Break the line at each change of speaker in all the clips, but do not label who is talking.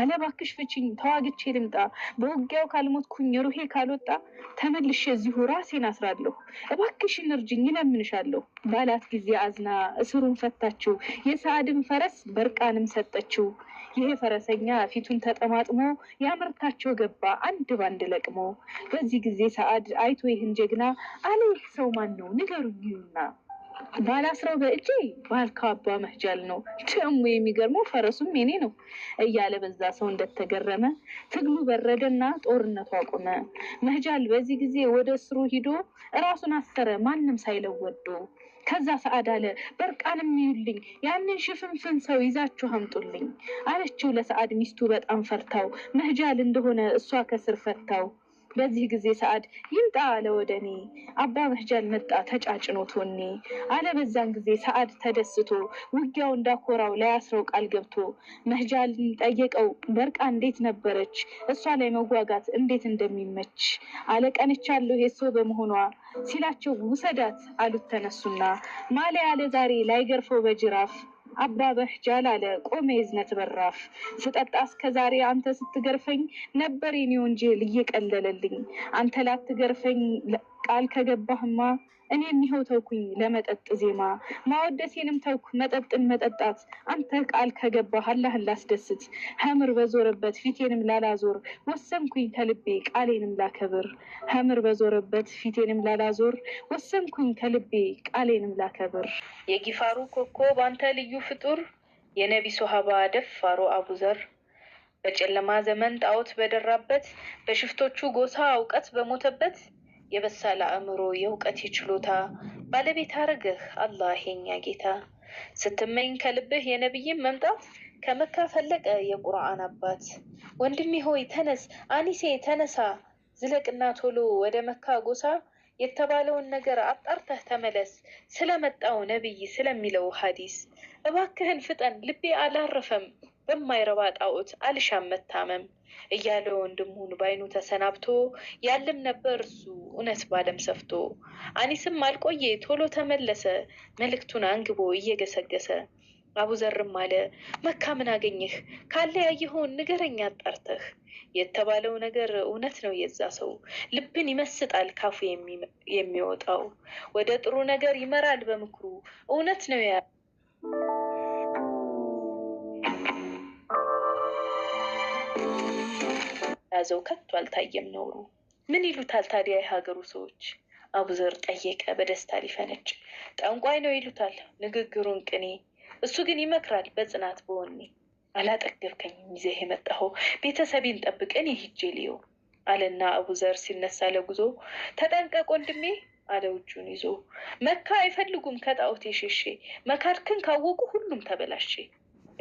ያለ እባክሽ ፍቺኝ፣ ተዋግቼ ልምጣ፣ በውጊያው ካልሞትኩኝ ሩሄ ካልወጣ ተመልሼ እዚሁ ራሴን አስራለሁ፣ እባክሽን እርጅኝ እለምንሻለሁ ባላት ጊዜ አዝና እስሩን ፈታችው፣ የሰዓድን ፈረስ በርቃንም ሰጠችው። ይሄ ፈረሰኛ ፊቱን ተጠማጥሞ ያምርታቸው ገባ አንድ ባንድ ለቅሞ። በዚህ ጊዜ ሰዓድ አይቶ ይህን ጀግና አለይህ ሰው ማን ነው ንገሩኝና ባላስረው በእጄ ባልካባ መህጃል ነው ደግሞ የሚገርመው ፈረሱም የኔ ነው እያለ በዛ ሰው እንደተገረመ ትግሉ በረደና ጦርነቱ አቆመ። መህጃል በዚህ ጊዜ ወደ እስሩ ሂዶ እራሱን አሰረ፣ ማንም ሳይለወዶ። ከዛ ሰዓድ አለ በርቃን ይዩልኝ፣ ያንን ሽፍንፍን ሰው ይዛችሁ አምጡልኝ አለችው ለሰዓድ ሚስቱ በጣም ፈርታው፣ መህጃል እንደሆነ እሷ ከስር ፈታው። በዚህ ጊዜ ሰዓድ ይምጣ አለ ወደ እኔ አባ መህጃል መጣ ተጫጭኖ ወኔ አለ በዛን ጊዜ ሰዓድ ተደስቶ ውጊያው እንዳኮራው ላያስረው ቃል ገብቶ መህጃልን ጠየቀው በርቃ እንዴት ነበረች እሷ ላይ መጓጋት እንዴት እንደሚመች አለ ቀንቻለሁ የሶ በመሆኗ ሲላቸው ውሰዳት አሉት ተነሱና ማሊያ ያለ ዛሬ ላይገርፈው በጅራፍ አባበህ ጃል አለ ቆመ የዝነት በራፍ ስጠጣ እስከ ዛሬ አንተ ስትገርፈኝ ነበር የኔ ወንጀል እየቀለለልኝ አንተ ላትገርፈኝ ቃል ከገባህማ እኔ እኒኸው ተውኩኝ ለመጠጥ ዜማ ማወደሴንም ተውኩ መጠጥን መጠጣት። አንተ ቃል ከገባህ አላህን ላስደስት ሀምር በዞረበት ፊቴንም ላላዞር ወሰንኩኝ ከልቤ ቃሌንም ላከብር። ሀምር በዞረበት ፊቴንም ላላዞር ወሰንኩኝ ከልቤ ቃሌንም ላከብር።
የጊፋሩ ኮከብ አንተ ልዩ ፍጡር የነቢ ሶሃባ ደፋሮ አቡዘር በጨለማ ዘመን ጣዖት በደራበት በሽፍቶቹ ጎሳ እውቀት በሞተበት የበሳለ አእምሮ፣ የእውቀት ችሎታ ባለቤት አርግህ አላህ የኛ ጌታ። ስትመኝ ከልብህ የነቢይን መምጣት ከመካ ፈለቀ የቁርአን አባት። ወንድሜ ሆይ ተነስ፣ አኒሴ ተነሳ፣ ዝለቅና ቶሎ ወደ መካ ጎሳ የተባለውን ነገር አጣርተህ ተመለስ፣ ስለመጣው ነቢይ ስለሚለው ሐዲስ። እባክህን ፍጠን፣ ልቤ አላረፈም በማይረባ ጣዖት አልሻም መታመም እያለ ወንድሙን ባይኑ ተሰናብቶ ያለም ነበር እሱ እውነት ባለም ሰፍቶ። አኒስም አልቆየ ቶሎ ተመለሰ መልእክቱን አንግቦ እየገሰገሰ አቡዘርም አለ መካ ምን አገኘህ? ካለ ያየኸውን ንገረኛ አጣርተህ። የተባለው ነገር እውነት ነው የዛ ሰው ልብን ይመስጣል ካፉ የሚወጣው ወደ ጥሩ ነገር ይመራል በምክሩ እውነት ነው ያ ያዘው ከቶ አልታየም ኖሩ። ምን ይሉታል ታዲያ የሀገሩ ሰዎች? አቡዘር ጠየቀ በደስታ ሊፈነጭ። ጠንቋይ ነው ይሉታል ንግግሩን ቅኔ። እሱ ግን ይመክራል በጽናት በወኔ። አላጠገብከኝም ይዘህ የመጣኸው ቤተሰቤን ጠብቀን ይህጄ ልየው አለና አቡዘር ሲነሳ ለጉዞ ተጠንቀቅ ወንድሜ አለ እጁን ይዞ። መካ አይፈልጉም ከጣዖት የሸሼ መካርክን ካወቁ ሁሉም ተበላሼ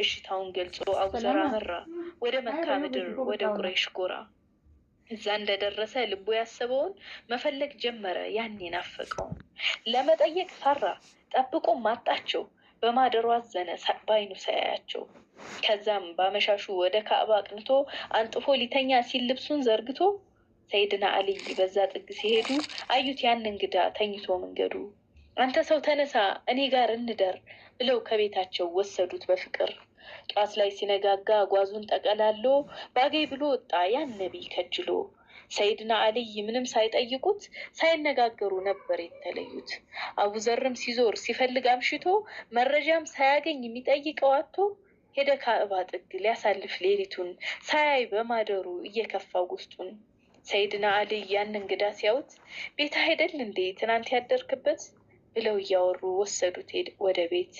እሽታውን ገልጾ አውዘር አመራ ወደ መካ ምድር ወደ ቁረይሽ ጎራ። እዛ እንደደረሰ ልቡ ያሰበውን መፈለግ ጀመረ። ያን ናፈቀውን ለመጠየቅ ፈራ። ጠብቆ ማጣቸው በማደሩ አዘነ ባይኑ ሳያያቸው። ከዛም ባመሻሹ ወደ ካዕባ አቅንቶ አንጥፎ ሊተኛ ሲል ልብሱን ዘርግቶ ሰይድና አልይ በዛ ጥግ ሲሄዱ አዩት ያን እንግዳ ተኝቶ መንገዱ። አንተ ሰው ተነሳ፣ እኔ ጋር እንደር ብለው ከቤታቸው ወሰዱት በፍቅር። ጧት ላይ ሲነጋጋ ጓዙን ጠቀላሎ ባገይ ብሎ ወጣ ያን ነቢይ ከጅሎ። ሰይድና አልይ ምንም ሳይጠይቁት ሳይነጋገሩ ነበር የተለዩት። አቡዘርም ሲዞር ሲፈልግ አምሽቶ መረጃም ሳያገኝ የሚጠይቀው አቶ ሄደ ካዕባ ጥግ ሊያሳልፍ ሌሊቱን ሳያይ በማደሩ እየከፋው ውስጡን። ሰይድና አልይ ያን እንግዳ ሲያዩት ቤታ ሄደል እንዴ ትናንት ያደርክበት ብለው እያወሩ ወሰዱት ወደ ቤት።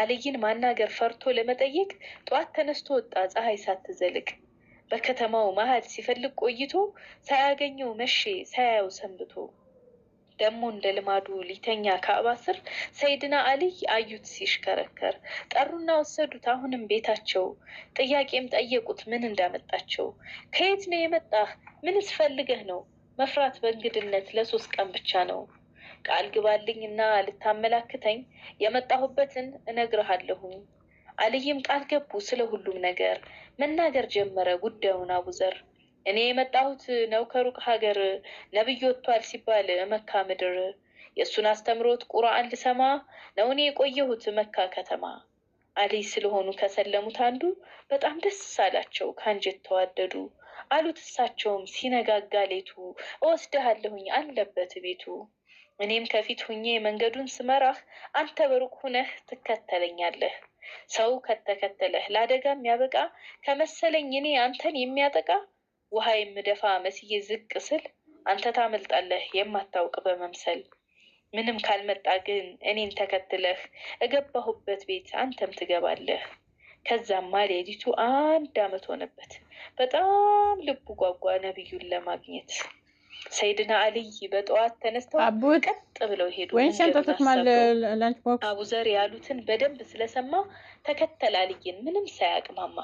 አልይን ማናገር ፈርቶ ለመጠየቅ ጠዋት ተነስቶ ወጣ። ፀሐይ ሳትዘልቅ በከተማው መሀል ሲፈልግ ቆይቶ ሳያገኘው መቼ ሳያየው ሰንብቶ ደግሞ እንደ ልማዱ ሊተኛ ከአባ ስር ሰይድና አልይ አዩት ሲሽከረከር፣ ጠሩና ወሰዱት አሁንም ቤታቸው። ጥያቄም ጠየቁት ምን እንዳመጣቸው። ከየት ነው የመጣህ? ምንስ ፈልገህ ነው? መፍራት በእንግድነት ለሶስት ቀን ብቻ ነው። ቃል ግባልኝ እና ልታመላክተኝ የመጣሁበትን እነግርሃለሁኝ። አልይም ቃል ገቡ። ስለ ሁሉም ነገር መናገር ጀመረ ጉዳዩን አቡዘር እኔ የመጣሁት ነው ከሩቅ ሀገር ነብይ ወጥቷል ሲባል መካ ምድር የእሱን አስተምሮት ቁርአን ልሰማ ነው እኔ የቆየሁት መካ ከተማ። አልይ ስለሆኑ ከሰለሙት አንዱ በጣም ደስ ሳላቸው ከአንጀት ተዋደዱ። አሉት እሳቸውም ሲነጋጋ ሌቱ እወስድሃለሁኝ አለበት ቤቱ እኔም ከፊት ሁኜ መንገዱን ስመራህ አንተ በሩቅ ሁነህ ትከተለኛለህ። ሰው ከተከተለህ ለአደጋ የሚያበቃ ከመሰለኝ እኔ አንተን የሚያጠቃ ውሃ የምደፋ መስዬ ዝቅ ስል አንተ ታመልጣለህ የማታውቅ በመምሰል ምንም ካልመጣ ግን እኔን ተከትለህ እገባሁበት ቤት አንተም ትገባለህ። ከዛማ ሌሊቱ አንድ አመት ሆነበት። በጣም ልቡ ጓጓ ነብዩን ለማግኘት። ሰይድና አልይ በጠዋት ተነስተው
ቀጥ ብለው ሄዱ።
አቡዘር ያሉትን በደንብ ስለሰማ ተከተል አልይን ምንም ሳያቅማማ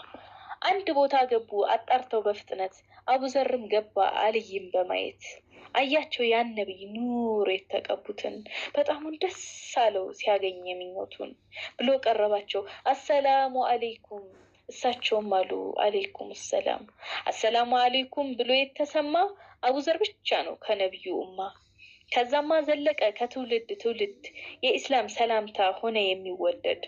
አንድ ቦታ ገቡ አጣርተው በፍጥነት አቡዘርም ገባ አልይም በማየት አያቸው ያን ነቢይ ኑር የተቀቡትን በጣሙን ደስ አለው ሲያገኝ የሚሞቱን ብሎ ቀረባቸው። አሰላሙ አሌይኩም እሳቸውም አሉ አሌይኩም ሰላም አሰላሙ አሌይኩም ብሎ የተሰማ አቡዘር ብቻ ነው ከነቢዩ እማ። ከዛማ ዘለቀ ከትውልድ ትውልድ የኢስላም ሰላምታ ሆነ የሚወደድ።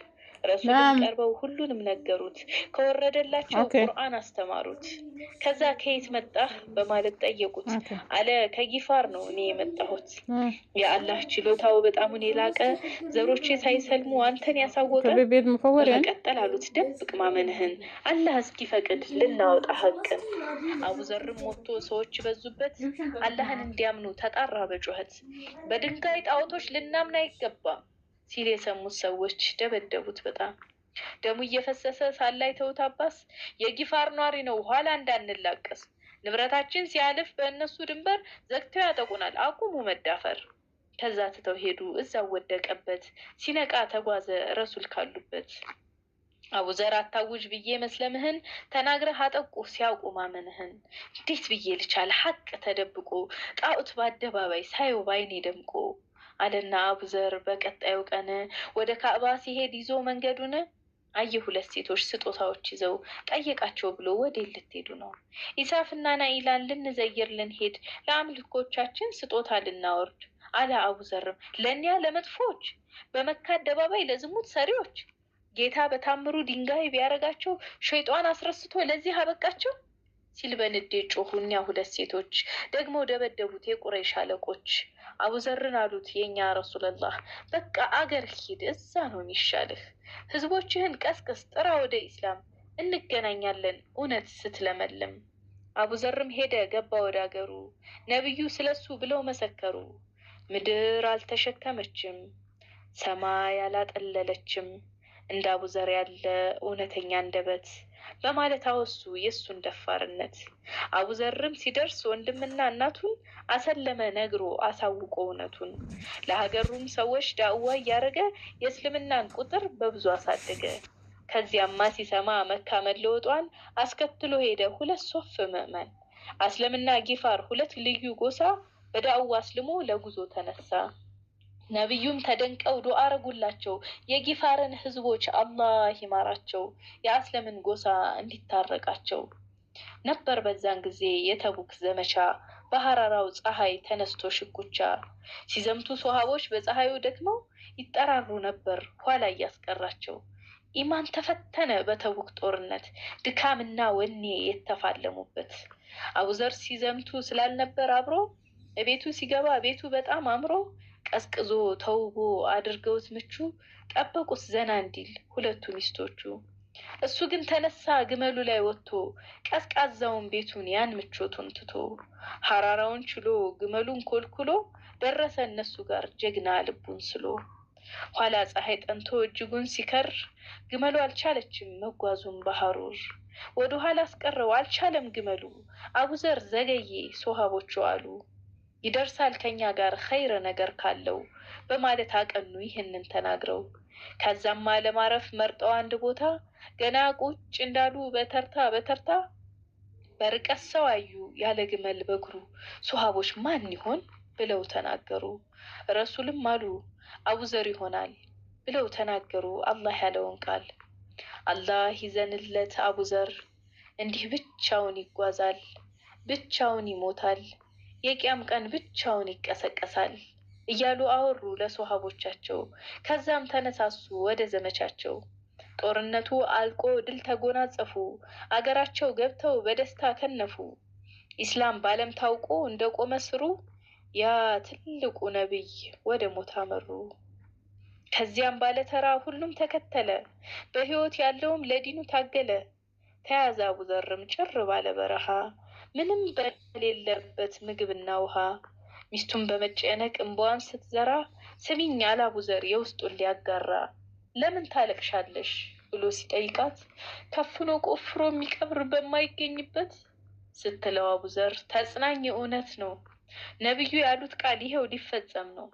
ረሱልን ቀርበው ሁሉንም ነገሩት። ከወረደላቸው ቁርአን አስተማሩት። ከዛ ከየት መጣህ በማለት ጠየቁት። አለ ከጊፋር ነው እኔ የመጣሁት። የአላህ ችሎታው በጣሙን የላቀ ዘሮቼ ሳይሰልሙ አንተን ያሳወቀ በመቀጠል አሉት ደብቅ ማመንህን አላህ እስኪፈቅድ ልናወጣ ሀቅን። አቡዘርም ሞቶ ሰዎች በዙበት አላህን እንዲያምኑ ተጣራ በጩኸት በድንጋይ ጣዖቶች ልናምን አይገባም ሲል የሰሙት ሰዎች ደበደቡት። በጣም ደሙ እየፈሰሰ ሳላይ ተውት። አባስ የጊፋር ኗሪ ነው። ኋላ እንዳንላቀስ ንብረታችን ሲያልፍ በእነሱ ድንበር ዘግተው ያጠቁናል። አቁሙ መዳፈር። ከዛ ትተው ሄዱ። እዛው ወደቀበት። ሲነቃ ተጓዘ ረሱል ካሉበት። አቡዘር አታውጅ ብዬ መስለምህን ተናግረህ አጠቁ ሲያውቁ ማመንህን እንዴት ብዬ ልቻል ሀቅ ተደብቆ ጣዖት በአደባባይ ሳየው ባይኔ ደምቆ አለና አቡዘር በቀጣዩ ቀን ወደ ካዕባ ሲሄድ ይዞ መንገዱን አየ ሁለት ሴቶች ስጦታዎች ይዘው ጠየቃቸው ብሎ ወዴት ልትሄዱ ነው? ኢሳፍና ናኢላን ልንዘይር ልንሄድ፣ ለአምልኮቻችን ስጦታ ልናወርድ አለ። አቡዘርም ለእኒያ ለመጥፎች፣ በመካ አደባባይ ለዝሙት ሰሪዎች ጌታ በታምሩ ድንጋይ ቢያደርጋቸው ሸይጧን አስረስቶ ለዚህ አበቃቸው ሲል በንዴ ጮሁ። እኒያ ሁለት ሴቶች ደግሞ ደበደቡት የቁረይሽ አለቆች። አቡዘርን አሉት የእኛ ረሱለላህ፣ በቃ አገር ሂድ፣ እዛ ነው የሚሻልህ። ህዝቦችህን ቀስቅስ፣ ጥራ ወደ ኢስላም፣ እንገናኛለን እውነት ስትለመልም። አቡዘርም ሄደ ገባ ወደ አገሩ፣ ነቢዩ ስለሱ ብለው መሰከሩ። ምድር አልተሸከመችም ሰማይ አላጠለለችም እንደ አቡዘር ያለ እውነተኛ አንደበት በማለት አወሱ የእሱን ደፋርነት። አቡዘርም ሲደርስ ወንድምና እናቱን አሰለመ ነግሮ አሳውቆ እውነቱን። ለሀገሩም ሰዎች ዳዕዋ እያደረገ የእስልምናን ቁጥር በብዙ አሳደገ። ከዚያማ ሲሰማ መካ መለወጧን አስከትሎ ሄደ ሁለት ሶፍ ምዕመን አስለምና ጊፋር ሁለት ልዩ ጎሳ በዳዕዋ አስልሞ ለጉዞ ተነሳ። ነቢዩም ተደንቀው ዱዓ አረጉላቸው። የጊፋርን ህዝቦች አላህ ይማራቸው፣ የአስለምን ጎሳ እንዲታረቃቸው ነበር። በዛን ጊዜ የተቡክ ዘመቻ በሀራራው ፀሐይ ተነስቶ ሽኩቻ ሲዘምቱ ሶሃቦች በፀሐዩ ደክመው ይጠራሩ ነበር ኋላ እያስቀራቸው። ኢማን ተፈተነ በተቡክ ጦርነት ድካምና ወኔ የተፋለሙበት። አቡዘር ሲዘምቱ ስላልነበር አብሮ ቤቱ ሲገባ ቤቱ በጣም አምሮ ቀዝቅዞ ተውቦ አድርገውት ምቹ ጠበቁት ዘና እንዲል ሁለቱ ሚስቶቹ። እሱ ግን ተነሳ ግመሉ ላይ ወጥቶ ቀዝቃዛውን ቤቱን ያን ምቾቱን ትቶ ሐራራውን ችሎ ግመሉን ኮልኩሎ ደረሰ እነሱ ጋር ጀግና ልቡን ስሎ። ኋላ ፀሐይ ጠንቶ እጅጉን ሲከር ግመሉ አልቻለችም መጓዙን ባህሩር ወደ ኋላ አስቀረው አልቻለም ግመሉ አቡዘር ዘገዬ ሶሃቦቹ አሉ ይደርሳል ከኛ ጋር ኸይረ ነገር ካለው በማለት አቀኑ። ይህንን ተናግረው ከዛም አለማረፍ መርጠው አንድ ቦታ ገና ቁጭ እንዳሉ በተርታ በተርታ በርቀት ሰው አዩ ያለ ግመል በእግሩ ሱሐቦች ማን ይሆን ብለው ተናገሩ። ረሱልም አሉ አቡዘር ይሆናል ብለው ተናገሩ። አላህ ያለውን ቃል አላህ ይዘንለት። አቡዘር እንዲህ ብቻውን ይጓዛል፣ ብቻውን ይሞታል የቂያም ቀን ብቻውን ይቀሰቀሳል እያሉ አወሩ ለሶሃቦቻቸው። ከዛም ተነሳሱ ወደ ዘመቻቸው። ጦርነቱ አልቆ ድል ተጎናጸፉ። አገራቸው ገብተው በደስታ ከነፉ። ኢስላም ባለም ታውቆ እንደቆመ ስሩ ያ ትልቁ ነቢይ ወደ ሞት አመሩ። ከዚያም ባለተራ ሁሉም ተከተለ። በህይወት ያለውም ለዲኑ ታገለ። ተያዘ አቡዘርም ጭር ባለ በረሃ ምንም በሌለበት ምግብና ውሃ ሚስቱን በመጨነቅ እንቧን ስትዘራ ስሚኝ አላቡዘር የውስጡን ሊያጋራ ለምን ታለቅሻለሽ ብሎ ሲጠይቃት ከፍኖ ቆፍሮ የሚቀብር በማይገኝበት ስትለው አቡዘር ተጽናኝ፣ እውነት ነው ነቢዩ ያሉት ቃል ይኸው ሊፈጸም ነው።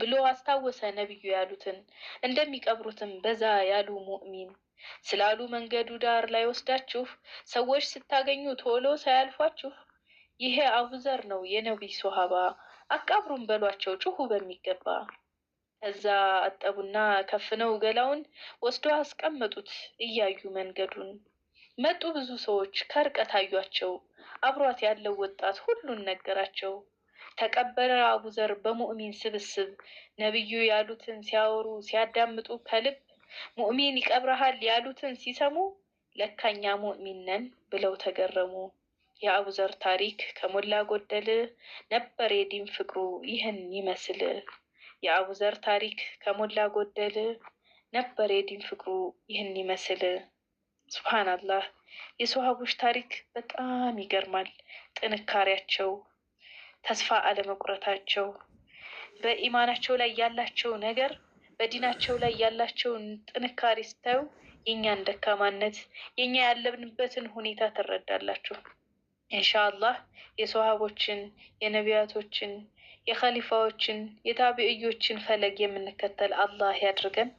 ብሎ አስታወሰ። ነቢዩ ያሉትን እንደሚቀብሩትም በዛ ያሉ ሙእሚን ስላሉ መንገዱ ዳር ላይ ወስዳችሁ ሰዎች ስታገኙ ቶሎ ሳያልፏችሁ ይሄ አቡዘር ነው የነቢይ ሶሃባ አቃብሩን በሏቸው ጩሁ በሚገባ። እዛ አጠቡና ከፍነው ገላውን ወስዶ አስቀመጡት እያዩ መንገዱን መጡ ብዙ ሰዎች ከርቀት አዩቸው አብሯት ያለው ወጣት ሁሉን ነገራቸው። ተቀበለ አቡዘር በሙእሚን ስብስብ ነቢዩ ያሉትን ሲያወሩ ሲያዳምጡ ከልብ ሙእሚን ይቀብረሃል ያሉትን ሲሰሙ ለካኛ ሙእሚን ነን ብለው ተገረሙ። የአቡዘር ታሪክ ከሞላ ጎደል ነበር የዲን ፍቅሩ ይህን ይመስል። የአቡዘር ታሪክ ከሞላ ጎደል ነበር የዲን ፍቅሩ ይህን ይመስል። ሱብሃናላህ የሰሃቦች ታሪክ በጣም ይገርማል። ጥንካሬያቸው ተስፋ አለመቁረታቸው፣ በኢማናቸው ላይ ያላቸው ነገር፣ በዲናቸው ላይ ያላቸውን ጥንካሬ ስታዩ የእኛን ደካማነት የእኛ ያለብንበትን ሁኔታ ትረዳላችሁ። እንሻአላህ የሰሃቦችን የነቢያቶችን የኸሊፋዎችን የታቢዕዮችን ፈለግ የምንከተል አላህ ያድርገን።